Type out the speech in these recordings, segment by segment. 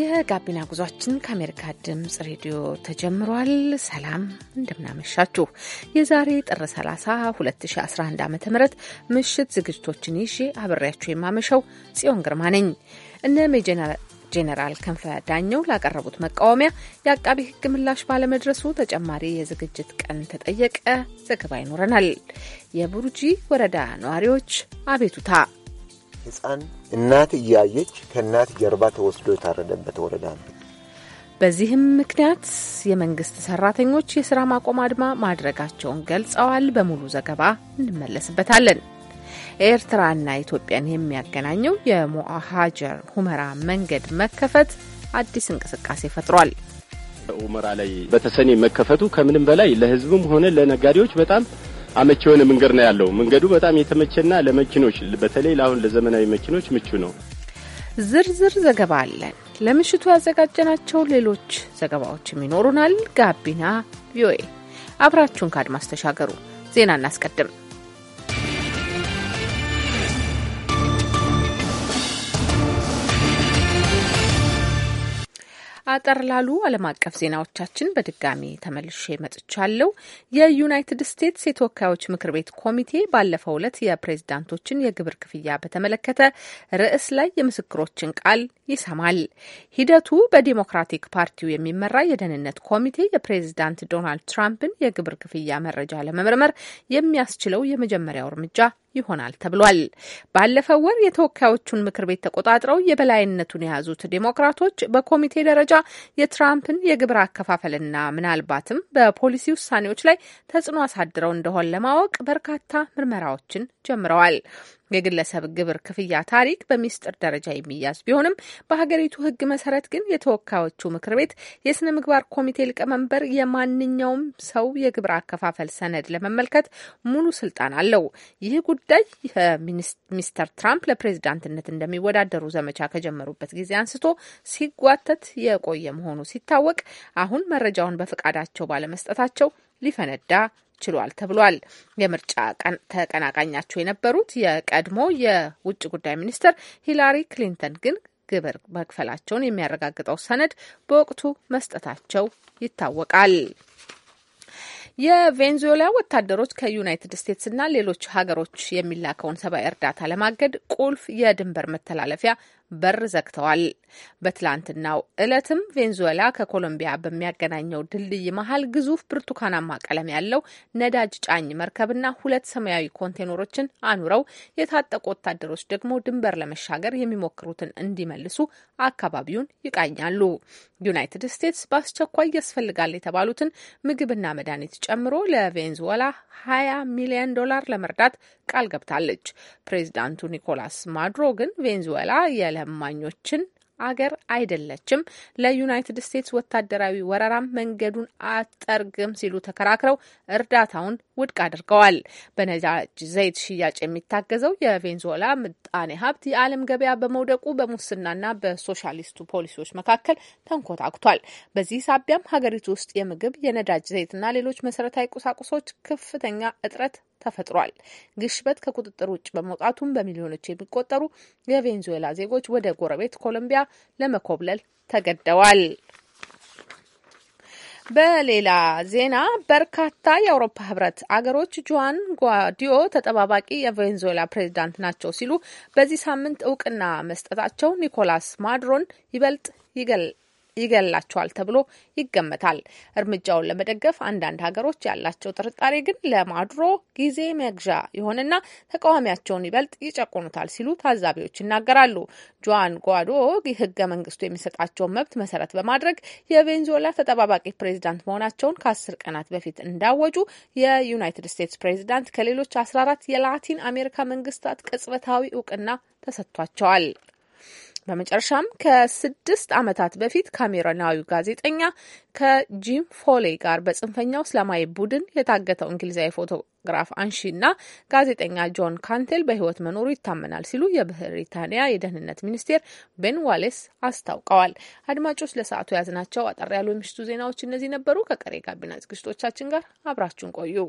የጋቢና ጉዟችን ከአሜሪካ ድምጽ ሬዲዮ ተጀምሯል። ሰላም እንደምናመሻችሁ። የዛሬ ጥር 30 2011 ዓ ም ምሽት ዝግጅቶችን ይዤ አብሬያችሁ የማመሸው ጽዮን ግርማ ነኝ። እነ ጄኔራል ክንፈ ዳኘው ላቀረቡት መቃወሚያ የአቃቢ ሕግ ምላሽ ባለመድረሱ ተጨማሪ የዝግጅት ቀን ተጠየቀ። ዘገባ ይኖረናል። የቡርጂ ወረዳ ነዋሪዎች አቤቱታ ህፃን እናት እያየች ከእናት ጀርባ ተወስዶ የታረደበት ወረዳ ነው። በዚህም ምክንያት የመንግስት ሰራተኞች የስራ ማቆም አድማ ማድረጋቸውን ገልጸዋል። በሙሉ ዘገባ እንመለስበታለን። ኤርትራና ኢትዮጵያን የሚያገናኘው የሞአ ሀጀር ሁመራ መንገድ መከፈት አዲስ እንቅስቃሴ ፈጥሯል። ሁመራ ላይ በተሰኔ መከፈቱ ከምንም በላይ ለህዝብም ሆነ ለነጋዴዎች በጣም አመቺ የሆነ መንገድ ነው ያለው። መንገዱ በጣም የተመቸና ለመኪኖች በተለይ ለአሁን ለዘመናዊ መኪኖች ምቹ ነው። ዝርዝር ዘገባ አለን። ለምሽቱ ያዘጋጀናቸው ሌሎች ዘገባዎችም ይኖሩናል። ጋቢና ቪኦኤ አብራችሁን ከአድማስ ተሻገሩ። ዜና እናስቀድም። አጠር ላሉ ዓለም አቀፍ ዜናዎቻችን በድጋሚ ተመልሼ መጥቻለሁ። የዩናይትድ ስቴትስ የተወካዮች ምክር ቤት ኮሚቴ ባለፈው ዕለት የፕሬዝዳንቶችን የግብር ክፍያ በተመለከተ ርዕስ ላይ የምስክሮችን ቃል ይሰማል። ሂደቱ በዲሞክራቲክ ፓርቲው የሚመራ የደህንነት ኮሚቴ የፕሬዝዳንት ዶናልድ ትራምፕን የግብር ክፍያ መረጃ ለመመርመር የሚያስችለው የመጀመሪያው እርምጃ ይሆናል ተብሏል። ባለፈው ወር የተወካዮቹን ምክር ቤት ተቆጣጥረው የበላይነቱን የያዙት ዴሞክራቶች በኮሚቴ ደረጃ የትራምፕን የግብር አከፋፈልና ምናልባትም በፖሊሲ ውሳኔዎች ላይ ተጽዕኖ አሳድረው እንደሆን ለማወቅ በርካታ ምርመራዎችን ጀምረዋል። የግለሰብ ግብር ክፍያ ታሪክ በሚስጥር ደረጃ የሚያዝ ቢሆንም በሀገሪቱ ሕግ መሰረት ግን የተወካዮቹ ምክር ቤት የስነ ምግባር ኮሚቴ ሊቀመንበር የማንኛውም ሰው የግብር አከፋፈል ሰነድ ለመመልከት ሙሉ ስልጣን አለው። ይህ ጉዳይ ሚስተር ትራምፕ ለፕሬዝዳንትነት እንደሚወዳደሩ ዘመቻ ከጀመሩበት ጊዜ አንስቶ ሲጓተት የቆየ መሆኑ ሲታወቅ አሁን መረጃውን በፈቃዳቸው ባለመስጠታቸው ሊፈነዳ ችሏል ተብሏል። የምርጫ ተቀናቃኛቸው የነበሩት የቀድሞ የውጭ ጉዳይ ሚኒስትር ሂላሪ ክሊንተን ግን ግብር መክፈላቸውን የሚያረጋግጠው ሰነድ በወቅቱ መስጠታቸው ይታወቃል። የቬንዙዌላ ወታደሮች ከዩናይትድ እና ሌሎች ሀገሮች የሚላከውን ሰብአዊ እርዳታ ለማገድ ቁልፍ የድንበር መተላለፊያ በር ዘግተዋል። በትላንትናው ዕለትም ቬንዙዌላ ከኮሎምቢያ በሚያገናኘው ድልድይ መሀል ግዙፍ ብርቱካናማ ቀለም ያለው ነዳጅ ጫኝ መርከብና ሁለት ሰማያዊ ኮንቴነሮችን አኑረው የታጠቁ ወታደሮች ደግሞ ድንበር ለመሻገር የሚሞክሩትን እንዲመልሱ አካባቢውን ይቃኛሉ። ዩናይትድ ስቴትስ በአስቸኳይ ያስፈልጋል የተባሉትን ምግብና መድኃኒት ጨምሮ ለቬንዙዌላ 20 ሚሊዮን ዶላር ለመርዳት ቃል ገብታለች። ፕሬዚዳንቱ ኒኮላስ ማዱሮ ግን ቬንዙዌላ የለማኞችን አገር አይደለችም፣ ለዩናይትድ ስቴትስ ወታደራዊ ወረራም መንገዱን አጠርግም ሲሉ ተከራክረው እርዳታውን ውድቅ አድርገዋል። በነዳጅ ዘይት ሽያጭ የሚታገዘው የቬንዙዌላ ምጣኔ ሀብት የዓለም ገበያ በመውደቁ በሙስናና በሶሻሊስቱ ፖሊሲዎች መካከል ተንኮታኩቷል። በዚህ ሳቢያም ሀገሪቱ ውስጥ የምግብ የነዳጅ ዘይትና ሌሎች መሰረታዊ ቁሳቁሶች ከፍተኛ እጥረት ተፈጥሯል። ግሽበት ከቁጥጥር ውጭ በመውጣቱም በሚሊዮኖች የሚቆጠሩ የቬንዙዌላ ዜጎች ወደ ጎረቤት ኮሎምቢያ ለመኮብለል ተገደዋል። በሌላ ዜና በርካታ የአውሮፓ ህብረት አገሮች ጁዋን ጓዲዮ ተጠባባቂ የቬንዙዌላ ፕሬዚዳንት ናቸው ሲሉ በዚህ ሳምንት እውቅና መስጠታቸው ኒኮላስ ማድሮን ይበልጥ ይገላቸዋል ተብሎ ይገመታል። እርምጃውን ለመደገፍ አንዳንድ ሀገሮች ያላቸው ጥርጣሬ ግን ለማድሮ ጊዜ መግዣ ይሆንና ተቃዋሚያቸውን ይበልጥ ይጨቁኑታል ሲሉ ታዛቢዎች ይናገራሉ። ጆዋን ጓዶ ህገ መንግስቱ የሚሰጣቸውን መብት መሰረት በማድረግ የቬንዙዌላ ተጠባባቂ ፕሬዚዳንት መሆናቸውን ከአስር ቀናት በፊት እንዳወጁ የዩናይትድ ስቴትስ ፕሬዚዳንት ከሌሎች አስራ አራት የላቲን አሜሪካ መንግስታት ቅጽበታዊ እውቅና ተሰጥቷቸዋል። በመጨረሻም ከስድስት ዓመታት በፊት ካሜሮናዊው ጋዜጠኛ ከጂም ፎሌ ጋር በጽንፈኛው እስላማዊ ቡድን የታገተው እንግሊዛዊ ፎቶግራፍ አንሺ እና ጋዜጠኛ ጆን ካንቴል በሕይወት መኖሩ ይታመናል ሲሉ የብሪታንያ የደህንነት ሚኒስቴር ቤን ዋሌስ አስታውቀዋል። አድማጮች፣ ለሰዓቱ የያዝናቸው አጠር ያሉ የምሽቱ ዜናዎች እነዚህ ነበሩ። ከቀሪ ጋቢና ዝግጅቶቻችን ጋር አብራችሁን ቆዩ።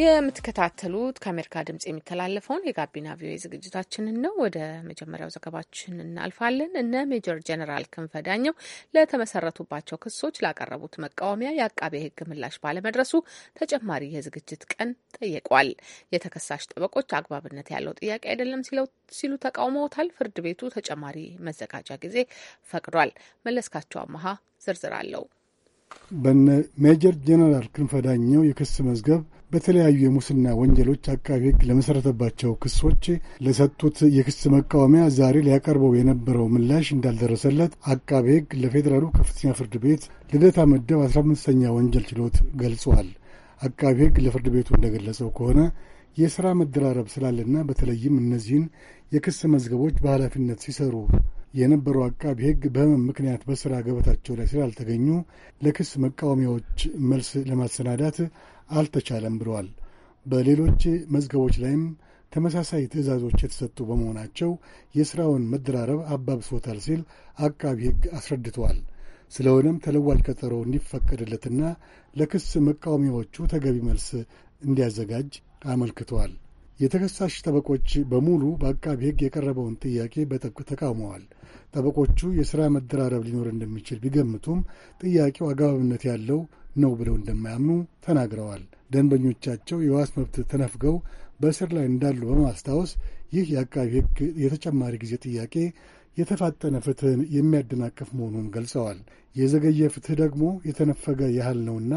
የምትከታተሉት ከአሜሪካ ድምጽ የሚተላለፈውን የጋቢና ቪኦኤ ዝግጅታችንን ነው። ወደ መጀመሪያው ዘገባችን እናልፋለን። እነ ሜጀር ጀኔራል ክንፈ ዳኘው ለተመሰረቱባቸው ክሶች ላቀረቡት መቃወሚያ የአቃቤ ሕግ ምላሽ ባለመድረሱ ተጨማሪ የዝግጅት ቀን ጠይቋል። የተከሳሽ ጠበቆች አግባብነት ያለው ጥያቄ አይደለም ሲሉ ተቃውመውታል። ፍርድ ቤቱ ተጨማሪ መዘጋጃ ጊዜ ፈቅዷል። መለስካቸው አመሃ ዝርዝር አለው። በነ ሜጀር ጄኔራል ክንፈ ዳኘው የክስ መዝገብ በተለያዩ የሙስና ወንጀሎች አቃቢ ሕግ ለመሠረተባቸው ክሶች ለሰጡት የክስ መቃወሚያ ዛሬ ሊያቀርበው የነበረው ምላሽ እንዳልደረሰለት አቃቢ ሕግ ለፌዴራሉ ከፍተኛ ፍርድ ቤት ልደታ ምድብ 15ኛ ወንጀል ችሎት ገልጿል። አቃቢ ሕግ ለፍርድ ቤቱ እንደገለጸው ከሆነ የሥራ መደራረብ ስላለና በተለይም እነዚህን የክስ መዝገቦች በኃላፊነት ሲሰሩ የነበረው አቃቢ ሕግ በሕመም ምክንያት በሥራ ገበታቸው ላይ ስላልተገኙ ለክስ መቃወሚያዎች መልስ ለማሰናዳት አልተቻለም ብለዋል። በሌሎች መዝገቦች ላይም ተመሳሳይ ትዕዛዞች የተሰጡ በመሆናቸው የሥራውን መደራረብ አባብሶታል ሲል አቃቢ ሕግ አስረድተዋል። ስለሆነም ተለዋጭ ቀጠሮ እንዲፈቀድለትና ለክስ መቃወሚያዎቹ ተገቢ መልስ እንዲያዘጋጅ አመልክተዋል። የተከሳሽ ጠበቆች በሙሉ በአቃቢ ሕግ የቀረበውን ጥያቄ በጥብቅ ተቃውመዋል። ጠበቆቹ የሥራ መደራረብ ሊኖር እንደሚችል ቢገምቱም ጥያቄው አግባብነት ያለው ነው ብለው እንደማያምኑ ተናግረዋል። ደንበኞቻቸው የዋስ መብት ተነፍገው በእስር ላይ እንዳሉ በማስታወስ ይህ የአቃቢ ሕግ የተጨማሪ ጊዜ ጥያቄ የተፋጠነ ፍትህን የሚያደናቅፍ መሆኑን ገልጸዋል። የዘገየ ፍትህ ደግሞ የተነፈገ ያህል ነውና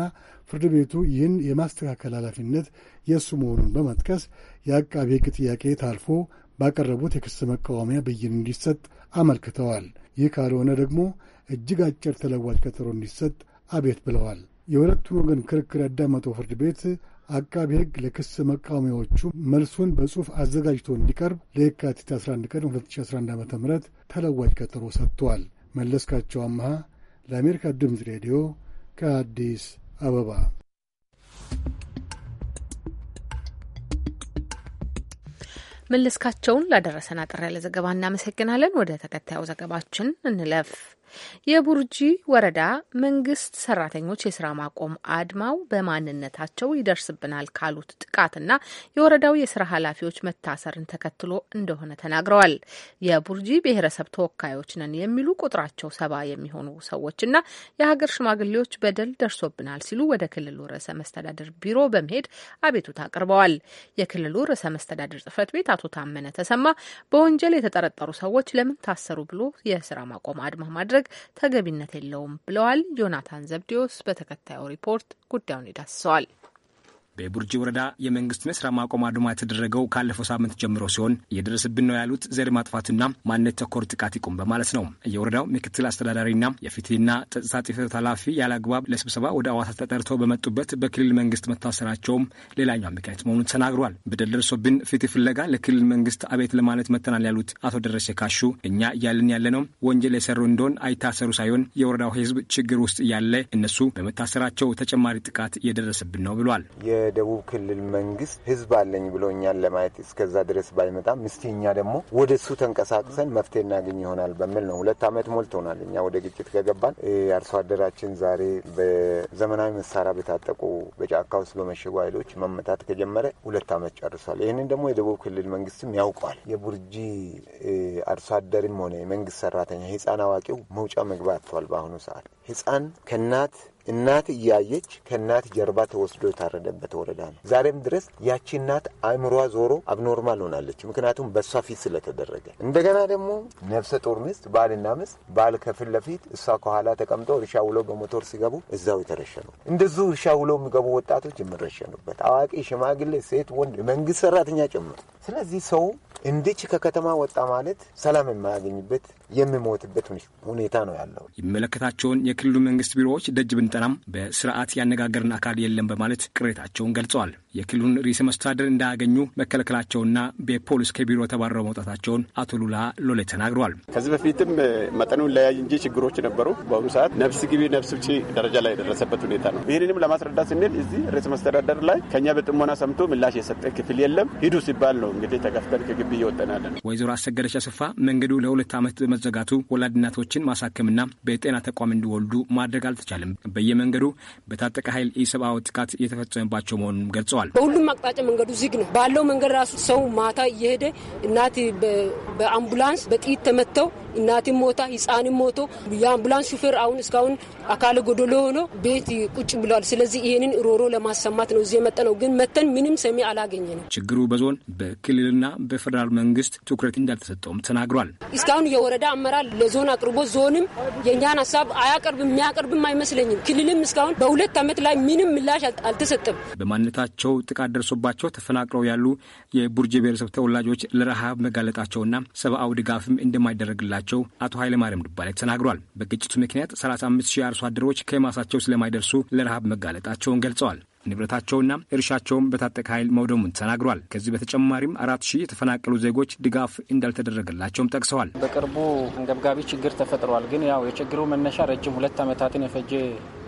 ፍርድ ቤቱ ይህን የማስተካከል ኃላፊነት የእሱ መሆኑን በመጥቀስ የአቃቢ ሕግ ጥያቄ ታልፎ ባቀረቡት የክስ መቃወሚያ ብይን እንዲሰጥ አመልክተዋል። ይህ ካልሆነ ደግሞ እጅግ አጭር ተለዋጭ ቀጠሮ እንዲሰጥ አቤት ብለዋል። የሁለቱን ወገን ክርክር ያዳመጠው ፍርድ ቤት አቃቢ ሕግ ለክስ መቃወሚያዎቹ መልሱን በጽሑፍ አዘጋጅቶ እንዲቀርብ ለየካቲት 11 ቀን 2011 ዓ ም ተለዋጭ ቀጠሮ ሰጥቷል። መለስካቸው አመሃ ለአሜሪካ ድምፅ ሬዲዮ ከአዲስ አበባ መለስካቸውን ላደረሰን አጠር ያለ ዘገባ እናመሰግናለን። ወደ ተከታዩ ዘገባችን እንለፍ። የቡርጂ ወረዳ መንግስት ሰራተኞች የስራ ማቆም አድማው በማንነታቸው ይደርስብናል ካሉት ጥቃትና የወረዳው የስራ ኃላፊዎች መታሰርን ተከትሎ እንደሆነ ተናግረዋል። የቡርጂ ብሔረሰብ ተወካዮች ነን የሚሉ ቁጥራቸው ሰባ የሚሆኑ ሰዎችና የሀገር ሽማግሌዎች በደል ደርሶብናል ሲሉ ወደ ክልሉ ርዕሰ መስተዳድር ቢሮ በመሄድ አቤቱታ አቅርበዋል። የክልሉ ርዕሰ መስተዳድር ጽህፈት ቤት አቶ ታመነ ተሰማ በወንጀል የተጠረጠሩ ሰዎች ለምን ታሰሩ ብሎ የስራ ማቆም አድማ ማድረግ ማድረግ ተገቢነት የለውም ብለዋል። ዮናታን ዘብዲዎስ በተከታዩ ሪፖርት ጉዳዩን ይዳስሰዋል። በቡርጂ ወረዳ የመንግስት ስራ ማቆም አድማ የተደረገው ካለፈው ሳምንት ጀምሮ ሲሆን እየደረሰብን ነው ያሉት ዘር ማጥፋትና ማንነት ተኮር ጥቃት ይቁም በማለት ነው። የወረዳው ምክትል አስተዳዳሪና የፍትህና ጸጥታ ጽሕፈት ኃላፊ ያለ አግባብ ለስብሰባ ወደ አዋሳ ተጠርተው በመጡበት በክልል መንግስት መታሰራቸውም ሌላኛው ምክንያት መሆኑን ተናግሯል። በደል ደርሶብን ፍትህ ፍለጋ ለክልል መንግስት አቤት ለማለት መተናል ያሉት አቶ ደረሴ ካሹ እኛ እያልን ነው ወንጀል የሰሩ እንደሆን አይታሰሩ ሳይሆን የወረዳው ህዝብ ችግር ውስጥ እያለ እነሱ በመታሰራቸው ተጨማሪ ጥቃት እየደረሰብን ነው ብሏል። የደቡብ ክልል መንግስት ህዝብ አለኝ ብሎ እኛን ለማየት እስከዛ ድረስ ባይመጣም ምስቲ እኛ ደግሞ ወደ እሱ ተንቀሳቅሰን መፍትሄ እናገኝ ይሆናል በሚል ነው። ሁለት ዓመት ሞልቶናል። እኛ ወደ ግጭት ከገባን አርሶ አደራችን ዛሬ በዘመናዊ መሳሪያ በታጠቁ በጫካ ውስጥ በመሸጉ ኃይሎች መመታት ከጀመረ ሁለት ዓመት ጨርሷል። ይህንን ደግሞ የደቡብ ክልል መንግስትም ያውቋል። የቡርጂ አርሶ አደርም ሆነ የመንግስት ሰራተኛ ህፃን አዋቂው መውጫ መግባት ተዋል። በአሁኑ ሰዓት ህፃን ከእናት እናት እያየች ከእናት ጀርባ ተወስዶ የታረደበት ወረዳ ነው። ዛሬም ድረስ ያቺ እናት አእምሯ ዞሮ አብኖርማል ሆናለች። ምክንያቱም በእሷ ፊት ስለተደረገ። እንደገና ደግሞ ነፍሰ ጡር ሚስት ባልና ሚስት ባል ከፊት ለፊት እሷ ከኋላ ተቀምጦ እርሻ ውለው በሞቶር ሲገቡ እዛው የተረሸኑ እንደዙ እርሻ ውለው የሚገቡ ወጣቶች የምረሸኑበት አዋቂ፣ ሽማግሌ፣ ሴት፣ ወንድ፣ መንግስት ሰራተኛ ጭምር። ስለዚህ ሰው እንዲች ከከተማ ወጣ ማለት ሰላም የማያገኝበት የሚሞትበት ሁኔታ ነው ያለው። የሚመለከታቸውን የክልሉ መንግስት ቢሮዎች ደጅ ብንጠናም በስርዓት ያነጋገርን አካል የለም በማለት ቅሬታቸውን ገልጸዋል። የክልሉን ርዕሰ መስተዳደር እንዳያገኙ መከልከላቸውና በፖሊስ ከቢሮ ተባረው መውጣታቸውን አቶ ሉላ ሎሌ ተናግረዋል። ከዚህ በፊትም መጠኑን ለያይ እንጂ ችግሮች ነበሩ። በአሁኑ ሰዓት ነፍስ ግቢ ነፍስ ውጪ ደረጃ ላይ የደረሰበት ሁኔታ ነው። ይህንንም ለማስረዳት ስንል እዚህ ርዕሰ መስተዳደር ላይ ከኛ በጥሞና ሰምቶ ምላሽ የሰጠ ክፍል የለም። ሂዱ ሲባል ነው እንግዲህ ተከፍተን ከግቢ እየወጠናለ ነው። ወይዘሮ አሰገደች አስፋ መንገዱ ለሁለት ዓመት በመዘጋቱ ወላድ እናቶችን ማሳከምና በጤና ተቋም እንዲወልዱ ማድረግ አልተቻለም። በየመንገዱ በታጠቀ ኃይል ኢሰብአዊ ጥቃት እየተፈጸመባቸው መሆኑን ገልጸዋል። ተዘግቷል። በሁሉም አቅጣጫ መንገዱ ዝግ ነው። ባለው መንገድ ራሱ ሰው ማታ እየሄደ እናት በአምቡላንስ በጥይት ተመተው እናትም ሞታ ህፃንም ሞቶ የአምቡላንስ ሹፌር አሁን እስካሁን አካለ ጎዶሎ ሆኖ ቤት ቁጭ ብሏል። ስለዚህ ይህንን ሮሮ ለማሰማት ነው እዚህ የመጣ ነው። ግን መተን ምንም ሰሚ አላገኘ ነው። ችግሩ በዞን በክልልና በፌደራል መንግስት ትኩረት እንዳልተሰጠውም ተናግሯል። እስካሁን የወረዳ አመራር ለዞን አቅርቦ ዞንም የእኛን ሀሳብ አያቀርብም የሚያቀርብም አይመስለኝም። ክልልም እስካሁን በሁለት ዓመት ላይ ምንም ምላሽ አልተሰጠም። በማንነታቸው ጥቃት ደርሶባቸው ተፈናቅለው ያሉ የቡርጅ ብሔረሰብ ተወላጆች ለረሃብ መጋለጣቸውና ሰብአዊ ድጋፍም እንደማይደረግላቸው መሆናቸው አቶ ኃይለማርያም ድባሌ ተናግሯል። በግጭቱ ምክንያት 35 ሺህ አርሶ አደሮች ከማሳቸው ስለማይደርሱ ለረሃብ መጋለጣቸውን ገልጸዋል። ንብረታቸውና እርሻቸውን በታጠቀ ኃይል መውደሙን ተናግሯል። ከዚህ በተጨማሪም አራት ሺህ የተፈናቀሉ ዜጎች ድጋፍ እንዳልተደረገላቸውም ጠቅሰዋል። በቅርቡ አንገብጋቢ ችግር ተፈጥሯል። ግን ያው የችግሩ መነሻ ረጅም ሁለት ዓመታትን የፈጀ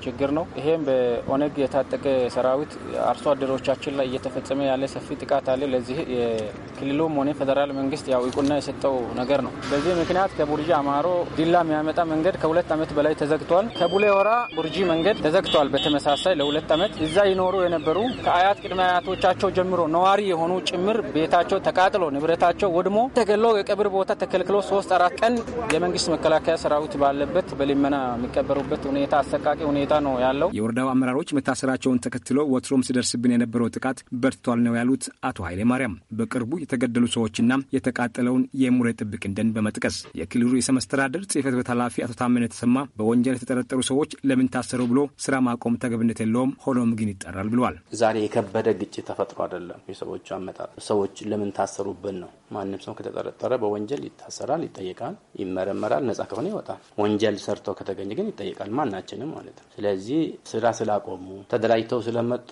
ችግር ነው። ይሄም በኦነግ የታጠቀ ሰራዊት አርሶ አደሮቻችን ላይ እየተፈጸመ ያለ ሰፊ ጥቃት አለ። ለዚህ የክልሉም ሆነ ፌዴራል መንግስት ያው እውቅና የሰጠው ነገር ነው። በዚህ ምክንያት ከቡርጂ አማሮ ዲላ የሚያመጣ መንገድ ከሁለት ዓመት በላይ ተዘግቷል። ከቡሌ ወራ ቡርጂ መንገድ ተዘግቷል። በተመሳሳይ ለሁለት ዓመት እዛ ይኖ ሲኖሩ የነበሩ ከአያት ቅድመ አያቶቻቸው ጀምሮ ነዋሪ የሆኑ ጭምር ቤታቸው ተቃጥሎ ንብረታቸው ወድሞ ተገሎ የቀብር ቦታ ተከልክሎ ሶስት አራት ቀን የመንግስት መከላከያ ሰራዊት ባለበት በልመና የሚቀበሩበት ሁኔታ አሰቃቂ ሁኔታ ነው ያለው። የወረዳው አመራሮች መታሰራቸውን ተከትሎ ወትሮም ሲደርስብን የነበረው ጥቃት በርቷል ነው ያሉት አቶ ኃይሌ ማርያም በቅርቡ የተገደሉ ሰዎችና የተቃጠለውን የሙሬ ጥብቅ እንደን በመጥቀስ የክልሉ ርዕሰ መስተዳድር ጽህፈት ቤት ኃላፊ አቶ ታመነ ተሰማ በወንጀል የተጠረጠሩ ሰዎች ለምን ታሰሩ ብሎ ስራ ማቆም ተገብነት የለውም ሆኖም ግን ይጠራል ይሰራል ብለዋል። ዛሬ የከበደ ግጭት ተፈጥሮ አይደለም የሰዎቹ አመጣጥ። ሰዎች ለምን ታሰሩብን ነው። ማንም ሰው ከተጠረጠረ በወንጀል ይታሰራል፣ ይጠየቃል፣ ይመረመራል። ነጻ ከሆነ ይወጣል። ወንጀል ሰርቶ ከተገኘ ግን ይጠየቃል፣ ማናችንም ማለት ነው። ስለዚህ ስራ ስላቆሙ ተደራጅተው ስለመጡ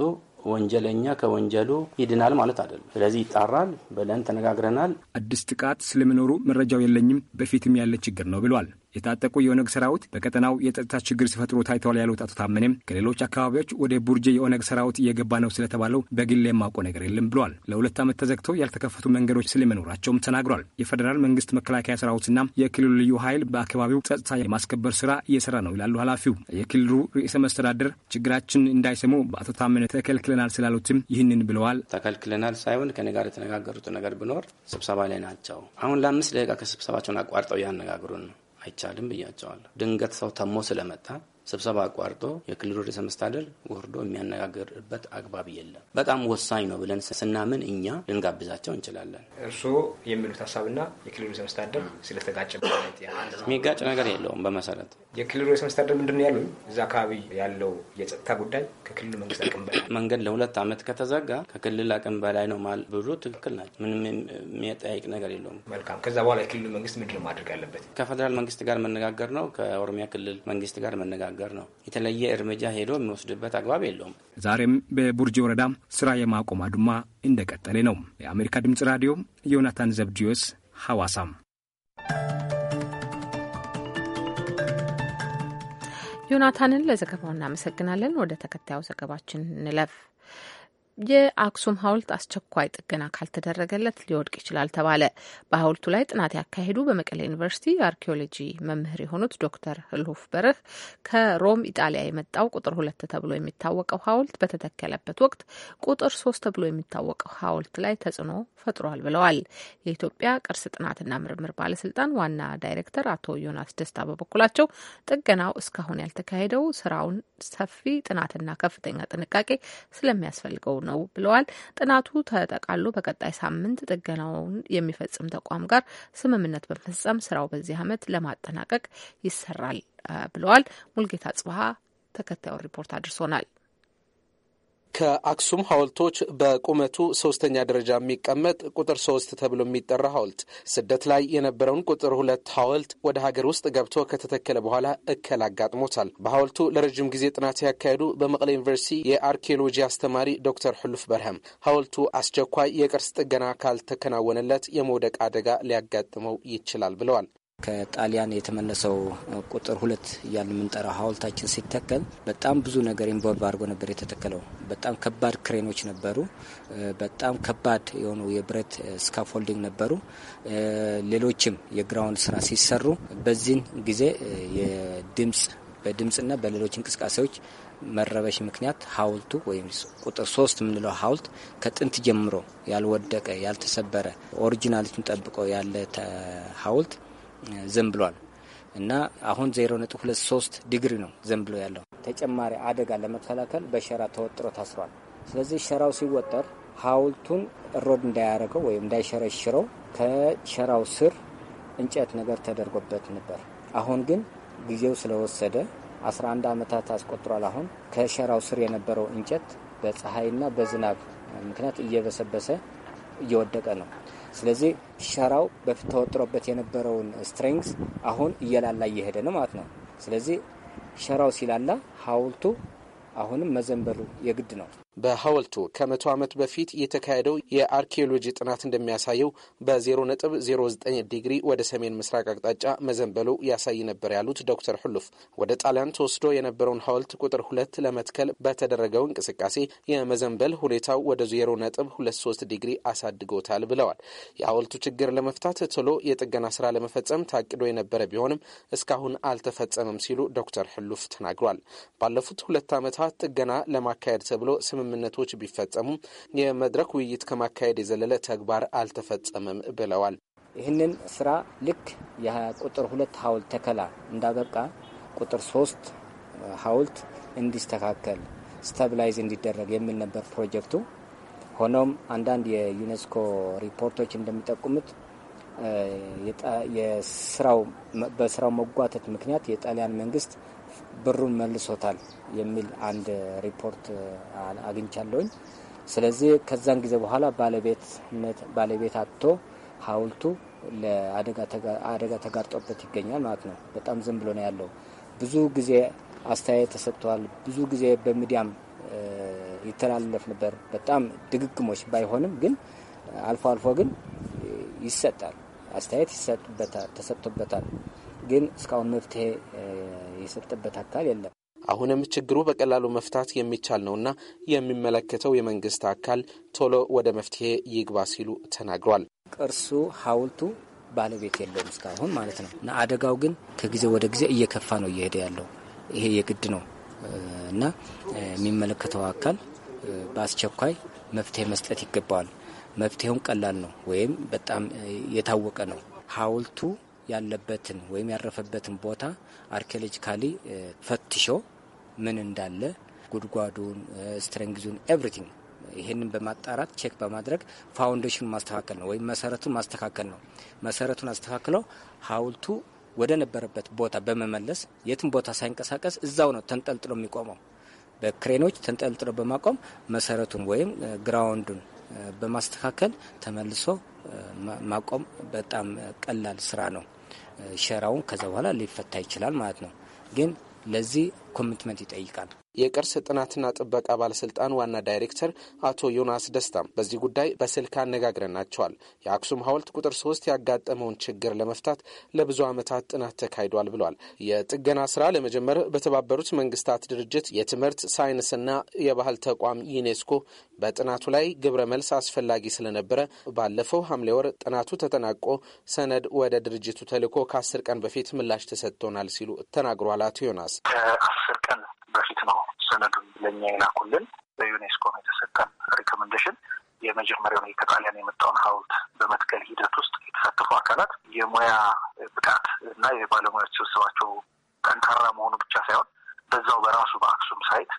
ወንጀለኛ ከወንጀሉ ይድናል ማለት አይደለም። ስለዚህ ይጣራል ብለን ተነጋግረናል። አዲስ ጥቃት ስለመኖሩ መረጃው የለኝም፣ በፊትም ያለ ችግር ነው ብሏል። የታጠቁ የኦነግ ሰራዊት በቀጠናው የጸጥታ ችግር ሲፈጥሩ ታይተዋል ያሉት አቶ ታመኔም ከሌሎች አካባቢዎች ወደ ቡርጄ የኦነግ ሰራዊት እየገባ ነው ስለተባለው በግል የማውቀው ነገር የለም ብሏል። ለሁለት ዓመት ተዘግተው ያልተከፈቱ መንገዶች ስለመኖራቸውም ተናግሯል። የፌዴራል መንግስት መከላከያ ሰራዊትና የክልሉ ልዩ ኃይል በአካባቢው ጸጥታ የማስከበር ስራ እየሰራ ነው ይላሉ ኃላፊው። የክልሉ ርዕሰ መስተዳደር ችግራችን እንዳይሰሙ በአቶ ታመኔ ተከልክለናል ስላሉትም ይህንን ብለዋል። ተከልክለናል ሳይሆን ከኔ ጋር የተነጋገሩት ነገር ብኖር ስብሰባ ላይ ናቸው። አሁን ለአምስት ደቂቃ ከስብሰባቸውን አቋርጠው ያነጋግሩን ነው አይቻልም ብያቸዋለሁ። ድንገት ሰው ተሞ ስለመጣ ስብሰባ አቋርጦ የክልሉ ርዕሰ መስተዳድር ወርዶ የሚያነጋግርበት አግባብ የለም። በጣም ወሳኝ ነው ብለን ስናምን እኛ ልንጋብዛቸው እንችላለን። እርስዎ የሚሉት ሀሳብና የክልሉ ርዕሰ መስተዳድር ስለተጋጨ የሚጋጭ ነገር የለውም። በመሰረት የክልሉ ርዕሰ መስተዳድር ምንድን ነው ያሉ እዛ አካባቢ ያለው የጸጥታ ጉዳይ ከክልሉ መንግስት አቅም በላይ መንገድ ለሁለት ዓመት ከተዘጋ ከክልል አቅም በላይ ነው ማል ብዙ ትክክል ናቸው። ምንም የሚያጠያይቅ ነገር የለውም። መልካም። ከዛ በኋላ የክልሉ መንግስት ምንድን ማድረግ ያለበት ከፌደራል መንግስት ጋር መነጋገር ነው። ከኦሮሚያ ክልል መንግስት ጋር መነጋገር ነገር ነው። የተለየ እርምጃ ሄዶ የሚወስድበት አግባብ የለውም። ዛሬም በቡርጂ ወረዳ ስራ የማቆም አድማ እንደቀጠለ ነው። የአሜሪካ ድምጽ ራዲዮ፣ ዮናታን ዘብድዮስ ሐዋሳም ዮናታንን ለዘገባው እናመሰግናለን። ወደ ተከታዩ ዘገባችን እንለፍ። የአክሱም ሐውልት አስቸኳይ ጥገና ካልተደረገለት ሊወድቅ ይችላል ተባለ። በሐውልቱ ላይ ጥናት ያካሄዱ በመቀሌ ዩኒቨርሲቲ የአርኪኦሎጂ መምህር የሆኑት ዶክተር ህልሁፍ በርህ ከሮም ኢጣሊያ የመጣው ቁጥር ሁለት ተብሎ የሚታወቀው ሐውልት በተተከለበት ወቅት ቁጥር ሶስት ተብሎ የሚታወቀው ሐውልት ላይ ተጽዕኖ ፈጥሯል ብለዋል። የኢትዮጵያ ቅርስ ጥናትና ምርምር ባለስልጣን ዋና ዳይሬክተር አቶ ዮናስ ደስታ በበኩላቸው ጥገናው እስካሁን ያልተካሄደው ስራውን ሰፊ ጥናትና ከፍተኛ ጥንቃቄ ስለሚያስፈልገው ነው ብለዋል። ጥናቱ ተጠቃሎ በቀጣይ ሳምንት ጥገናውን የሚፈጽም ተቋም ጋር ስምምነት በመፈጸም ስራው በዚህ አመት ለማጠናቀቅ ይሰራል ብለዋል። ሙልጌታ ጽብሀ ተከታዩን ሪፖርት አድርሶናል። ከአክሱም ሐውልቶች በቁመቱ ሶስተኛ ደረጃ የሚቀመጥ ቁጥር ሶስት ተብሎ የሚጠራ ሐውልት ስደት ላይ የነበረውን ቁጥር ሁለት ሐውልት ወደ ሀገር ውስጥ ገብቶ ከተተከለ በኋላ እከል አጋጥሞታል። በሐውልቱ ለረጅም ጊዜ ጥናት ያካሄዱ በመቀሌ ዩኒቨርሲቲ የአርኪኦሎጂ አስተማሪ ዶክተር ሁሉፍ በርሃም ሐውልቱ አስቸኳይ የቅርስ ጥገና ካልተከናወነለት የመውደቅ አደጋ ሊያጋጥመው ይችላል ብለዋል። ከጣሊያን የተመለሰው ቁጥር ሁለት እያልን የምንጠራው ሀውልታችን ሲተከል በጣም ብዙ ነገር ኢንቮልቭ አድርጎ ነበር የተተከለው። በጣም ከባድ ክሬኖች ነበሩ። በጣም ከባድ የሆኑ የብረት ስካፎልዲንግ ነበሩ። ሌሎችም የግራውንድ ስራ ሲሰሩ በዚህን ጊዜ የድምፅ በድምፅና በሌሎች እንቅስቃሴዎች መረበሽ ምክንያት ሀውልቱ ወይም ቁጥር ሶስት የምንለው ሀውልት ከጥንት ጀምሮ ያልወደቀ ያልተሰበረ ኦሪጂናሊቱን ጠብቆ ያለ ሀውልት። ዘንብሏል እና አሁን 0.23 ዲግሪ ነው ዘንብሎ ያለው። ተጨማሪ አደጋ ለመከላከል በሸራ ተወጥሮ ታስሯል። ስለዚህ ሸራው ሲወጠር ሐውልቱን ሮድ እንዳያደርገው ወይም እንዳይሸረሽረው ከሸራው ስር እንጨት ነገር ተደርጎበት ነበር። አሁን ግን ጊዜው ስለወሰደ 11 ዓመታት አስቆጥሯል። አሁን ከሸራው ስር የነበረው እንጨት በፀሐይና በዝናብ ምክንያት እየበሰበሰ እየወደቀ ነው። ስለዚህ ሸራው በፊት ተወጥሮበት የነበረውን ስትሪንግስ አሁን እየላላ እየሄደ ነው ማለት ነው። ስለዚህ ሸራው ሲላላ ሀውልቱ አሁንም መዘንበሉ የግድ ነው። በሐውልቱ ከመቶ ዓመት በፊት የተካሄደው የአርኪኦሎጂ ጥናት እንደሚያሳየው በ ነጥብ ዲግሪ ወደ ሰሜን ምስራቅ አቅጣጫ መዘንበሉ ያሳይ ነበር ያሉት ዶክተር ሑሉፍ ወደ ጣሊያን ተወስዶ የነበረውን ሐውልት ቁጥር ሁለት ለመትከል በተደረገው እንቅስቃሴ የመዘንበል ሁኔታው ወደ 023 ነጥብ ዲግሪ አሳድጎታል ብለዋል። የሐውልቱ ችግር ለመፍታት ቶሎ የጥገና ስራ ለመፈጸም ታቅዶ የነበረ ቢሆንም እስካሁን አልተፈጸመም ሲሉ ዶክተር ሑሉፍ ተናግሯል። ባለፉት ሁለት ዓመታት ጥገና ለማካሄድ ተብሎ ስም ስምምነቶች ቢፈጸሙም የመድረክ ውይይት ከማካሄድ የዘለለ ተግባር አልተፈጸመም ብለዋል። ይህንን ስራ ልክ የቁጥር ሁለት ሀውልት ተከላ እንዳበቃ ቁጥር ሶስት ሀውልት እንዲስተካከል ስታብላይዝ እንዲደረግ የሚል ነበር ፕሮጀክቱ። ሆኖም አንዳንድ የዩኔስኮ ሪፖርቶች እንደሚጠቁሙት በስራው መጓተት ምክንያት የጣሊያን መንግስት ብሩን መልሶታል የሚል አንድ ሪፖርት አግኝቻለሁኝ። ስለዚህ ከዛን ጊዜ በኋላ ባለቤት አጥቶ ሀውልቱ ለአደጋ ተጋርጦበት ይገኛል ማለት ነው። በጣም ዝም ብሎ ነው ያለው። ብዙ ጊዜ አስተያየት ተሰጥተዋል። ብዙ ጊዜ በሚዲያም ይተላለፍ ነበር። በጣም ድግግሞች ባይሆንም ግን አልፎ አልፎ ግን ይሰጣል፣ አስተያየት ተሰጥቶበታል። ግን እስካሁን መፍትሄ የሰጠበት አካል የለም። አሁንም ችግሩ በቀላሉ መፍታት የሚቻል ነውና የሚመለከተው የመንግስት አካል ቶሎ ወደ መፍትሄ ይግባ ሲሉ ተናግሯል። ቅርሱ ሐውልቱ ባለቤት የለውም እስካሁን ማለት ነው እና አደጋው ግን ከጊዜ ወደ ጊዜ እየከፋ ነው እየሄደ ያለው ይሄ የግድ ነው እና የሚመለከተው አካል በአስቸኳይ መፍትሄ መስጠት ይገባዋል። መፍትሄውም ቀላል ነው ወይም በጣም የታወቀ ነው። ሐውልቱ ያለበትን ወይም ያረፈበትን ቦታ አርኪኦሎጂካሊ ፈትሾ ምን እንዳለ ጉድጓዱን፣ ስትረንግዙን፣ ኤቭሪቲንግ ይህንን በማጣራት ቼክ በማድረግ ፋውንዴሽን ማስተካከል ነው ወይም መሰረቱን ማስተካከል ነው። መሰረቱን አስተካክለው ሀውልቱ ወደ ነበረበት ቦታ በመመለስ የትም ቦታ ሳይንቀሳቀስ እዛው ነው ተንጠልጥሎ የሚቆመው። በክሬኖች ተንጠልጥሎ በማቆም መሰረቱን ወይም ግራውንዱን በማስተካከል ተመልሶ ማቆም በጣም ቀላል ስራ ነው። ሸራውን ከዛ በኋላ ሊፈታ ይችላል ማለት ነው። ግን ለዚህ ኮሚትመንት ይጠይቃል። የቅርስ ጥናትና ጥበቃ ባለስልጣን ዋና ዳይሬክተር አቶ ዮናስ ደስታ በዚህ ጉዳይ በስልክ አነጋግረናቸዋል። የአክሱም ሐውልት ቁጥር ሶስት ያጋጠመውን ችግር ለመፍታት ለብዙ ዓመታት ጥናት ተካሂዷል ብሏል። የጥገና ስራ ለመጀመር በተባበሩት መንግስታት ድርጅት የትምህርት ሳይንስና የባህል ተቋም ዩኔስኮ በጥናቱ ላይ ግብረ መልስ አስፈላጊ ስለነበረ ባለፈው ሐምሌ ወር ጥናቱ ተጠናቆ ሰነድ ወደ ድርጅቱ ተልኮ ከአስር ቀን በፊት ምላሽ ተሰጥቶናል ሲሉ ተናግሯል። አቶ ዮናስ ለእኛ የላኩልን በዩኔስኮም የተሰጠን ሪኮመንዴሽን የመጀመሪያውን ከጣሊያን የመጣውን ሀውልት በመትከል ሂደት ውስጥ የተሳተፉ አካላት የሙያ ብቃት እና የባለሙያዎች ስብስባቸው ጠንካራ መሆኑ ብቻ ሳይሆን በዛው በራሱ በአክሱም ሳይት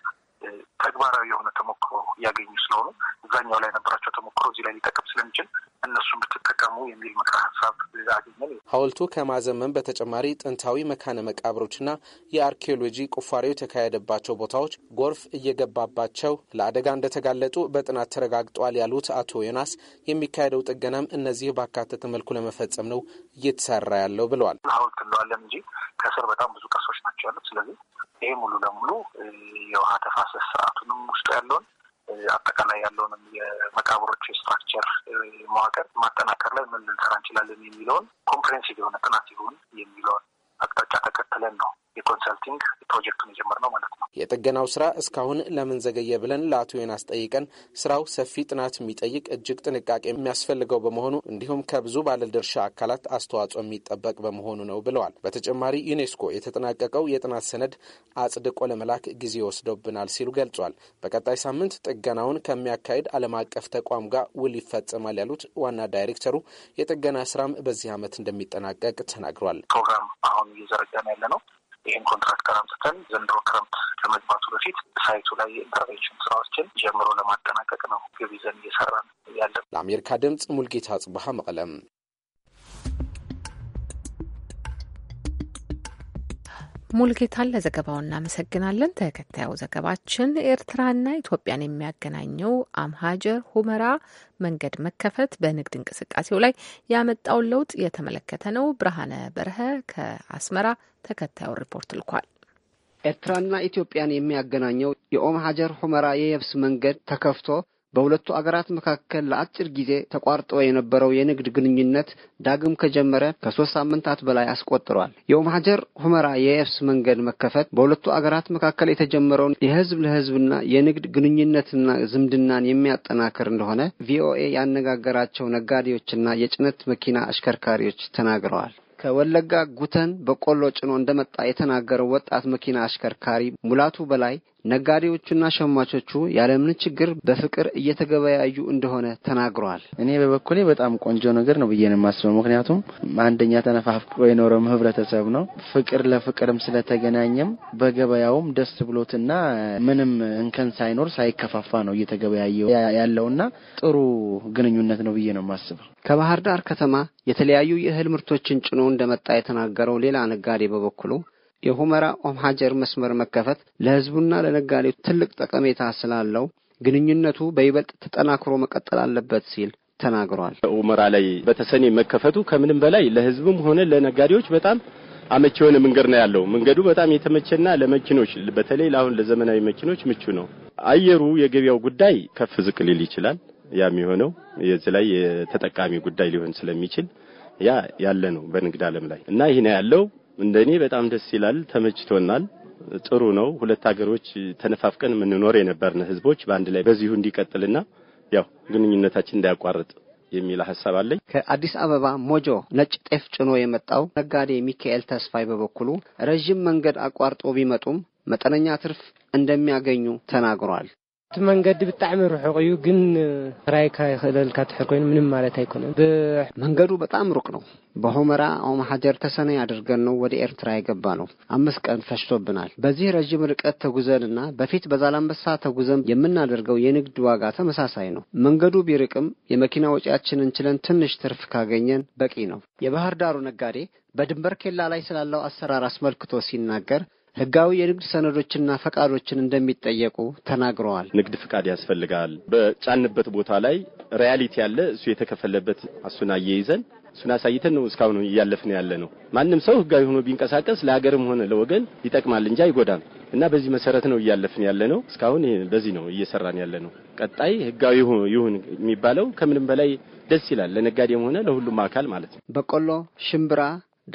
ተግባራዊ የሆነ ተሞክሮ እያገኙ ስለሆኑ እዛኛው ላይ የነበራቸው ተሞክሮ እዚህ ላይ ሊጠቅም ስለሚችል እነሱን ብትጠቀሙ የሚል ምክረ ሀሳብ አገኘን። ሐውልቱ ከማዘመን በተጨማሪ ጥንታዊ መካነ መቃብሮችና የአርኪኦሎጂ ቁፋሬው የተካሄደባቸው ቦታዎች ጎርፍ እየገባባቸው ለአደጋ እንደተጋለጡ በጥናት ተረጋግጧል ያሉት አቶ ዮናስ የሚካሄደው ጥገናም እነዚህ ባካተተ መልኩ ለመፈጸም ነው እየተሰራ ያለው ብለዋል። ሐውልት እንለዋለን እንጂ ከስር በጣም ብዙ ቅርሶች ናቸው ያሉት። ስለዚህ ሙሉ ለሙሉ የውሃ ተፋሰስ ስርዓቱንም ውስጡ ያለውን አጠቃላይ ያለውንም የመቃብሮች ስትራክቸር መዋቅር ማጠናል የጥገናው ስራ እስካሁን ለምን ዘገየ ብለን ለአቶ ዮናስ ጠይቀን ስራው ሰፊ ጥናት የሚጠይቅ እጅግ ጥንቃቄ የሚያስፈልገው በመሆኑ እንዲሁም ከብዙ ባለድርሻ አካላት አስተዋጽኦ የሚጠበቅ በመሆኑ ነው ብለዋል። በተጨማሪ ዩኔስኮ የተጠናቀቀው የጥናት ሰነድ አጽድቆ ለመላክ ጊዜ ወስዶብናል ሲሉ ገልጿል። በቀጣይ ሳምንት ጥገናውን ከሚያካሄድ ዓለም አቀፍ ተቋም ጋር ውል ይፈጸማል ያሉት ዋና ዳይሬክተሩ የጥገና ስራም በዚህ ዓመት እንደሚጠናቀቅ ተናግሯል። ፕሮግራም አሁን እየዘረጋን ያለ ነው። ይህን ኮንትራክተር አምጥተን ዘንድሮ ክረምት ከመግባቱ በፊት ሳይቱ ላይ ኢንተርቬንሽን ስራዎችን ጀምሮ ለማጠናቀቅ ነው ግብ ይዘን እየሰራን ያለን። ለአሜሪካ ድምፅ ሙልጌታ ጽብሃ መቀለም። ሙልጌታን ለዘገባው እናመሰግናለን። ተከታዩ ዘገባችን ኤርትራና ኢትዮጵያን የሚያገናኘው አምሃጀር ሁመራ መንገድ መከፈት በንግድ እንቅስቃሴው ላይ ያመጣውን ለውጥ የተመለከተ ነው። ብርሃነ በረሀ ከአስመራ ተከታዩን ሪፖርት ልኳል። ኤርትራና ኢትዮጵያን የሚያገናኘው የኦም ሀጀር ሁመራ የየብስ መንገድ ተከፍቶ በሁለቱ አገራት መካከል ለአጭር ጊዜ ተቋርጦ የነበረው የንግድ ግንኙነት ዳግም ከጀመረ ከሶስት ሳምንታት በላይ አስቆጥሯል። የኦም ሀጀር ሁመራ የየብስ መንገድ መከፈት በሁለቱ አገራት መካከል የተጀመረውን የህዝብ ለህዝብና የንግድ ግንኙነትና ዝምድናን የሚያጠናክር እንደሆነ ቪኦኤ ያነጋገራቸው ነጋዴዎችና የጭነት መኪና አሽከርካሪዎች ተናግረዋል። ከወለጋ ጉተን በቆሎ ጭኖ እንደመጣ የተናገረው ወጣት መኪና አሽከርካሪ ሙላቱ በላይ ነጋዴዎቹና ሸማቾቹ ያለምን ችግር በፍቅር እየተገበያዩ እንደሆነ ተናግረዋል። እኔ በበኩሌ በጣም ቆንጆ ነገር ነው ብዬ ነው የማስበው። ምክንያቱም አንደኛ ተነፋፍቆ የኖረም ህብረተሰብ ነው። ፍቅር ለፍቅርም ስለተገናኘም በገበያውም ደስ ብሎትና ምንም እንከን ሳይኖር ሳይከፋፋ ነው እየተገበያየ ያለውና ጥሩ ግንኙነት ነው ብዬ ነው የማስበው። ከባህር ዳር ከተማ የተለያዩ የእህል ምርቶችን ጭኖ እንደመጣ የተናገረው ሌላ ነጋዴ በበኩሉ የሁመራ ኦም ሀጀር መስመር መከፈት ለህዝቡና ለነጋዴው ትልቅ ጠቀሜታ ስላለው ግንኙነቱ በይበልጥ ተጠናክሮ መቀጠል አለበት ሲል ተናግሯል። ሁመራ ላይ በተሰኔ መከፈቱ ከምንም በላይ ለህዝቡም ሆነ ለነጋዴዎች በጣም አመቺ የሆነ መንገድ ነው ያለው። መንገዱ በጣም የተመቸና ለመኪኖች በተለይ ለአሁን ለዘመናዊ መኪኖች ምቹ ነው። አየሩ የገበያው ጉዳይ ከፍ ዝቅ ሊል ይችላል። ያ የሚሆነው የዚህ ላይ የተጠቃሚ ጉዳይ ሊሆን ስለሚችል ያ ያለ ነው በንግድ ዓለም ላይ እና ይህ ነው ያለው። እንደኔ በጣም ደስ ይላል፣ ተመችቶናል። ጥሩ ነው። ሁለት ሀገሮች ተነፋፍቀን የምንኖር የነበርን ህዝቦች በአንድ ላይ በዚሁ እንዲቀጥልና ያው ግንኙነታችን እንዳያቋርጥ የሚል ሀሳብ አለኝ። ከአዲስ አበባ ሞጆ ነጭ ጤፍ ጭኖ የመጣው ነጋዴ ሚካኤል ተስፋይ በበኩሉ ረዥም መንገድ አቋርጦ ቢመጡም መጠነኛ ትርፍ እንደሚያገኙ ተናግሯል። እቲ መንገዲ ብጣዕሚ ርሑቕ እዩ ግን ራይካ ይኽእለልካ ትሕር ኮይኑ ምንም ማለት ኣይኮነን መንገዱ በጣም ሩቅ ነው በሆመራ ኦም ተሰነይ ኣድርገኑ ወደ ኤርትራ ይገባኑ አምስት ቀን ፈጅቶብናል በዚህ ረዥም ርቀት ተጉዘንና በፊት በዛላንበሳ ተጉዘን የምናደርገው የንግድ ዋጋ ተመሳሳይ ነው መንገዱ ቢርቅም የመኪና ወጪያችን ችለን ትንሽ ትርፍ ካገኘን በቂ ነው የባህር ዳሩ ነጋዴ በድንበር ኬላ ላይ ስላለው አሰራር አስመልክቶ ሲናገር ህጋዊ የንግድ ሰነዶችና ፈቃዶችን እንደሚጠየቁ ተናግረዋል። ንግድ ፍቃድ ያስፈልጋል። በጫንበት ቦታ ላይ ሪያሊቲ ያለ እሱ የተከፈለበት አሱና እየይዘን እሱን አሳይተን ነው እስካሁን እያለፍን ያለ ነው። ማንም ሰው ህጋዊ ሆኖ ቢንቀሳቀስ ለሀገርም ሆነ ለወገን ይጠቅማል እንጂ አይጎዳም እና በዚህ መሰረት ነው እያለፍን ያለ ነው። እስካሁን በዚህ ነው እየሰራን ያለ ነው። ቀጣይ ህጋዊ ይሁን የሚባለው ከምንም በላይ ደስ ይላል፣ ለነጋዴም ሆነ ለሁሉም አካል ማለት ነው። በቆሎ ሽምብራ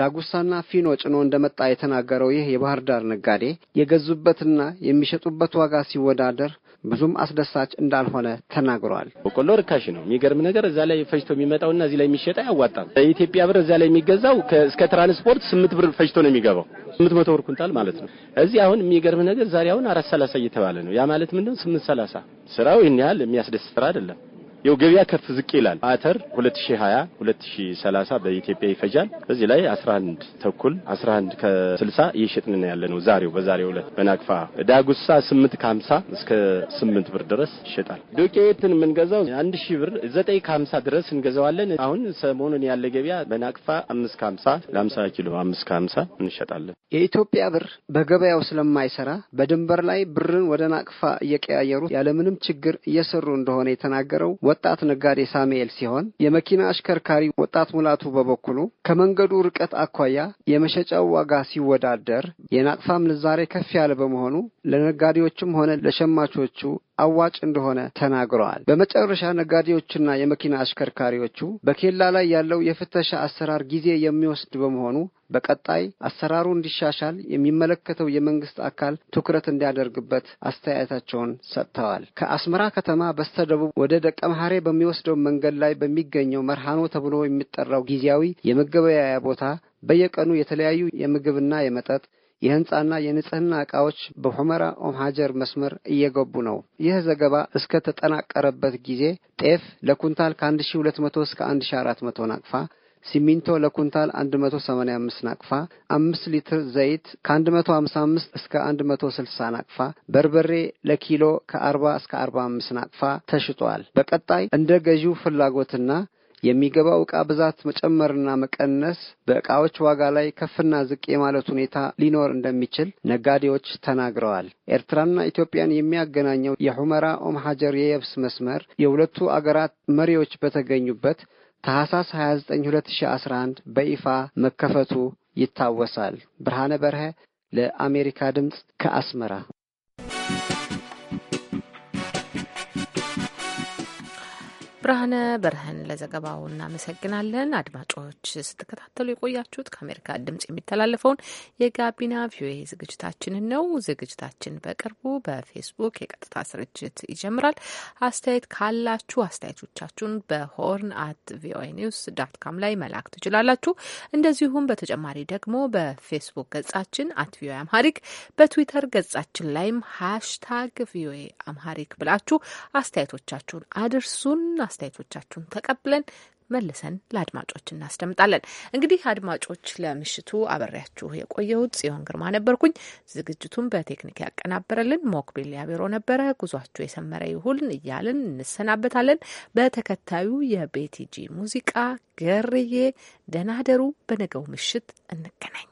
ዳጉሳና ፊኖ ጭኖ እንደመጣ የተናገረው ይህ የባህር ዳር ነጋዴ የገዙበትና የሚሸጡበት ዋጋ ሲወዳደር ብዙም አስደሳች እንዳልሆነ ተናግሯል። በቆሎ ርካሽ ነው። የሚገርም ነገር እዛ ላይ ፈጅቶ የሚመጣውና እዚህ ላይ የሚሸጠ አያዋጣም። የኢትዮጵያ ብር እዛ ላይ የሚገዛው እስከ ትራንስፖርት ስምንት ብር ፈጅቶ ነው የሚገባው። ስምንት መቶ ብር ኩንታል ማለት ነው። እዚህ አሁን የሚገርም ነገር ዛሬ አሁን አራት ሰላሳ እየተባለ ነው። ያ ማለት ምንድነው? ስምንት ሰላሳ ስራው ይህን ያህል የሚያስደስት ስራ አይደለም። የው ገበያ ከፍ ዝቅ ይላል። አተር 2020 2030 በኢትዮጵያ ይፈጃል። በዚህ ላይ 11 ተኩል 11 ከ60 እየሸጥን ነው ያለ ነው ዛሬው በዛሬው ዕለት በናቅፋ ዳጉሳ 8 ከ50 እስከ 8 ብር ድረስ ይሸጣል። ዱቄትን የምንገዛው 1 ሺህ ብር 9 ከ50 ድረስ እንገዛዋለን። አሁን ሰሞኑን ያለ ገበያ በናቅፋ 5 ከ50 ለ50 ኪሎ 5 ከ50 እንሸጣለን። የኢትዮጵያ ብር በገበያው ስለማይሰራ በድንበር ላይ ብርን ወደ ናቅፋ እየቀያየሩ ያለምንም ችግር እየሰሩ እንደሆነ የተናገረው ወጣት ነጋዴ ሳሙኤል ሲሆን የመኪና አሽከርካሪ ወጣት ሙላቱ በበኩሉ ከመንገዱ ርቀት አኳያ የመሸጫው ዋጋ ሲወዳደር የናቅፋ ምንዛሬ ከፍ ያለ በመሆኑ ለነጋዴዎችም ሆነ ለሸማቾቹ አዋጭ እንደሆነ ተናግረዋል። በመጨረሻ ነጋዴዎቹና የመኪና አሽከርካሪዎቹ በኬላ ላይ ያለው የፍተሻ አሰራር ጊዜ የሚወስድ በመሆኑ በቀጣይ አሰራሩ እንዲሻሻል የሚመለከተው የመንግስት አካል ትኩረት እንዲያደርግበት አስተያየታቸውን ሰጥተዋል። ከአስመራ ከተማ በስተደቡብ ወደ ደቀ መሐሬ በሚወስደው መንገድ ላይ በሚገኘው መርሃኖ ተብሎ የሚጠራው ጊዜያዊ የመገበያያ ቦታ በየቀኑ የተለያዩ የምግብና የመጠጥ የህንፃና የንጽህና ዕቃዎች በሆመራ ኦም ሀጀር መስመር እየገቡ ነው። ይህ ዘገባ እስከ ተጠናቀረበት ጊዜ ጤፍ ለኩንታል ከ1200 እስከ 1400 ናቅፋ ሲሚንቶ ለኩንታል 185 ናቅፋ፣ 5 ሊትር ዘይት ከ155 እስከ 160 ናቅፋ፣ በርበሬ ለኪሎ ከ40 እስከ 45 ናቅፋ ተሽጧል። በቀጣይ እንደ ገዢው ፍላጎትና የሚገባው ዕቃ ብዛት መጨመርና መቀነስ በዕቃዎች ዋጋ ላይ ከፍና ዝቅ የማለት ሁኔታ ሊኖር እንደሚችል ነጋዴዎች ተናግረዋል። ኤርትራና ኢትዮጵያን የሚያገናኘው የሑመራ ኦም ሀጀር የየብስ መስመር የሁለቱ አገራት መሪዎች በተገኙበት ታኅሳስ 29 2011 በይፋ መከፈቱ ይታወሳል። ብርሃነ በርሀ ለአሜሪካ ድምፅ ከአስመራ ብርሃነ በርህን ለዘገባው እናመሰግናለን። አድማጮች ስትከታተሉ የቆያችሁት ከአሜሪካ ድምጽ የሚተላለፈውን የጋቢና ቪኦኤ ዝግጅታችንን ነው። ዝግጅታችን በቅርቡ በፌስቡክ የቀጥታ ስርጭት ይጀምራል። አስተያየት ካላችሁ አስተያየቶቻችሁን በሆርን አት ቪኦኤ ኒውስ ዳት ካም ላይ መላክ ትችላላችሁ። እንደዚሁም በተጨማሪ ደግሞ በፌስቡክ ገጻችን አት ቪኦኤ አምሃሪክ፣ በትዊተር ገጻችን ላይም ሃሽታግ ቪኦኤ አምሃሪክ ብላችሁ አስተያየቶቻችሁን አድርሱን። አስተያየቶቻችሁን ተቀብለን መልሰን ለአድማጮች እናስደምጣለን። እንግዲህ አድማጮች፣ ለምሽቱ አበሬያችሁ የቆየሁት ጽዮን ግርማ ነበርኩኝ። ዝግጅቱን በቴክኒክ ያቀናበረልን ሞክቢል ያቢሮ ነበረ። ጉዟችሁ የሰመረ ይሁን እያልን እንሰናበታለን። በተከታዩ የቤቲጂ ሙዚቃ ገርዬ ደናደሩ፣ በነገው ምሽት እንገናኝ።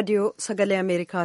raadiyoo sagalee Ameerikaa